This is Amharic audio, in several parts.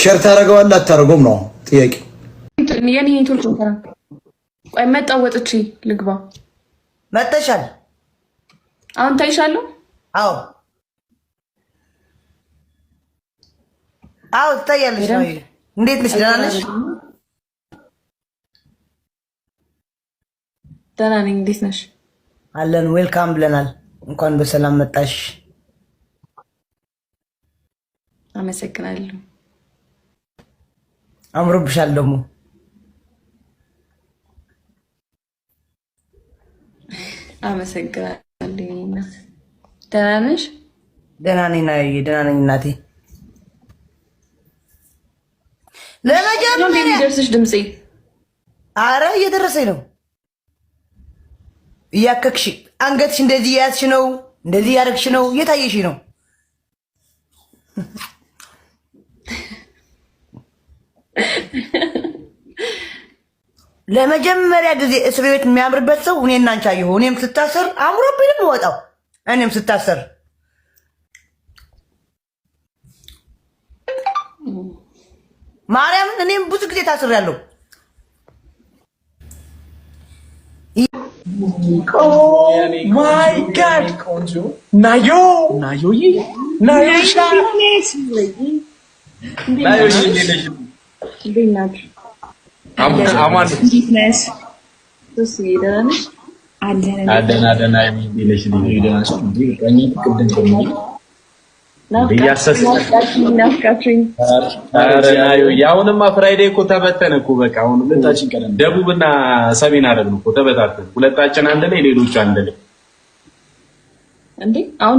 ሸር ታደርገዋለህ አታደርገውም ነው ጥያቄ። የኔ ኔትወርክ እንሰራ ቆይ መጣሁ፣ ወጥቼ ልግባ። መጥተሻል። አሁን ታይሻለሁ። አዎ አዎ፣ ትታያለሽ። እንዴት ነሽ? ደህና ነሽ? ደህና ነኝ። እንዴት ነሽ? አለን። ዌልካም ብለናል። እንኳን በሰላም መጣሽ። አመሰግናለሁ። አምሮብሻል ደግሞ አመሰግናለሁ። ደህና ነሽ? ደህና ነኝ ደህና ነኝ እናቴ። ለመጀመሪያ የሚደርስሽ ድምፄ? አረ እየደረሰኝ ነው። እያከክሽ አንገትሽ እንደዚህ እያያዝሽ ነው፣ እንደዚህ እያደረግሽ ነው፣ እየታየሽ ነው። ለመጀመሪያ ጊዜ እስር ቤት የሚያምርበት ሰው እኔ እናንቻ ይሁ እኔም ስታሰር አምሮብኝ ነው ወጣው። እኔም ስታሰር ማርያምን እኔም ብዙ ጊዜ ታስር ያለው ማይ ናዮ ናዮ ናዮ እንዴት ፍራይዴ እኮ ተበተን እኮ በቃ አሁን ሁለታችን ቀደም ሰሜን አደረግን እኮ ተበታተን። ሁለታችን አንድ ላይ፣ ሌሎች አንድ ላይ እንዴ አሁን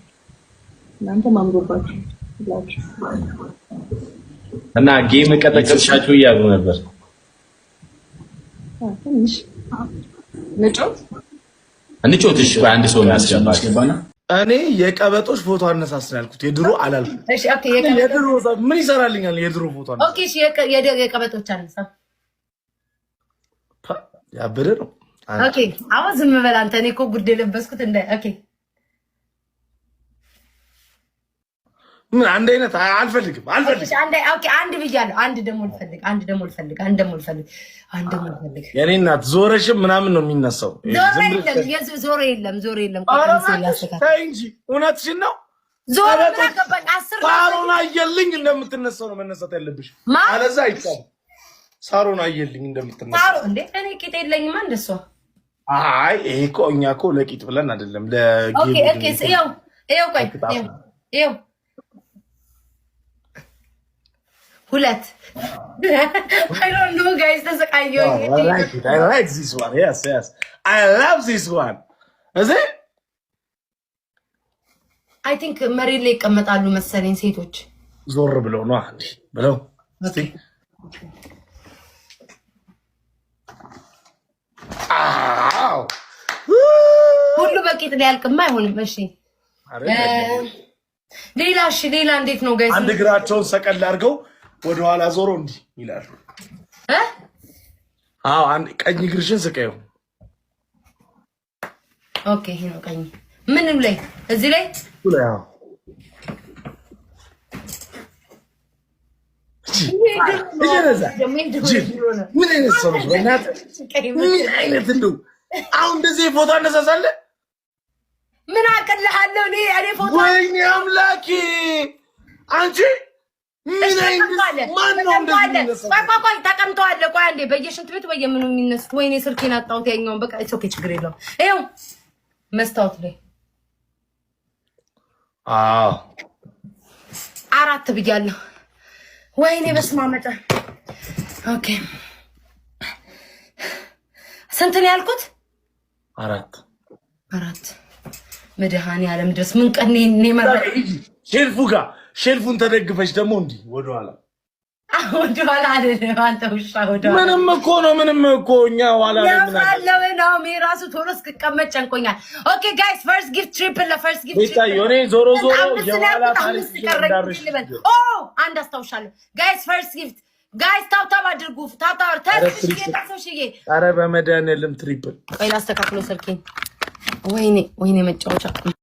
እናንተ ብላችሁ እና ጌም ቀጠቀጥሻችሁ እያሉ ነበር። ትንሽ አንድ ሰው ያስገባች እኔ የቀበጦች ፎቶ አነሳስ ያልኩት፣ የድሮ አላልኩም። የድሮ ምን ይሰራልኛል? የድሮ ፎቶ የቀበጦች አነሳ ያበደ ነው። አሁን ዝም በል አንተ። እኔ እኮ ጉድ የለበስኩት ምን አንድ አይነት አልፈልግም፣ አልፈልግም። አንድ ብያለሁ። አንድ ደግሞ ልፈልግ፣ አንድ ደግሞ ልፈልግ፣ አንድ ደግሞ ልፈልግ፣ አንድ ደግሞ ልፈልግ። የኔ እናት ዞረሽም ምናምን ነው የሚነሳው። ዞረ የለም፣ ዞረ የለም። እንጂ እውነትሽን ነው። ዞረ ምን አስር ሳሮን አየልኝ እንደምትነሳው ነው መነሳት ያለብሽ። አለዛ አይቻልም። ሳሮን አየልኝ እንደምትነሳው እንዴ! እኔ ቂጥ የለኝማ እንደሷ። አይ ይሄ እኮ እኛ እኮ ለቂጥ ብለን አይደለም። ለጌ ያው ያው ቆይ ያው ሁለት አይ ቲንክ oh, መሬት ላይ ይቀመጣሉ መሰለኝ ሴቶች ዞር ብለው ነው ብለው ሁሉ በቂጥ ሊያልቅማ አይሆንም። እሺ ሌላ እሺ ሌላ እንዴት ነው ጋይስ አንድ እግራቸውን ሰቀል አድርገው ወደኋላ ዞሮ እንዲህ ይላሉ። አዎ ቀኝ እግርሽን ስቀየው። ኦኬ ይሄ ነው ቀኝ። ምንም ላይ እዚህ ላይ ምን አይነት ሰው ነው? ምን አይነት እንደው አሁን እንደዚህ ፎቶ አነሳሳለ። ምን አቅልሃለሁ እኔ ፎቶ ወይኔ አምላኬ አንቺ ቆይ ተቀምጠዋል። ቆይ አንዴ በየሽንት ቤት በየምኑ የሚነሱት ወይኔ ስልኬን አጣሁት። ያኛውን በቃ ኦኬ፣ ችግር የለውም። ይኸው መስታወት ላይ አራት ብያለሁ። ወይኔ በስመ አብ መጫን ኦኬ፣ ስንት ነው ያልኩት? አራት አራት መድኃኔዓለም ድረስ ምን ቀን እኔ መራ ሼልፉ ጋር ሼልፉን ተደግፈች ደግሞ እንዲህ ወደኋላ ወደኋላ አይደለም። አንተ ምንም እኮ ነው። ምንም እኮ እኛ ኋላ ነው ራሱ ቶሎ እስክቀመጥ ጨንቆኛል። ኦኬ ጋይስ ፈርስት ጊፍት ትሪፕል ለፈርስት ጊፍት ትሪፕል እኔ ዞሮ ዞሮ የኋላ ታሪክ እንዳርሽ ኦ አንድ አስታውሻለሁ ጋይስ ፈርስት ጊፍት ጋይስ ታብታብ አድርጉ። ታብታብ ታሽዬ ኧረ በመድኃኒዓለም ትሪፕል ቆይ ላስተካክሎ ስልኬ። ወይኔ ወይኔ መጫወቻ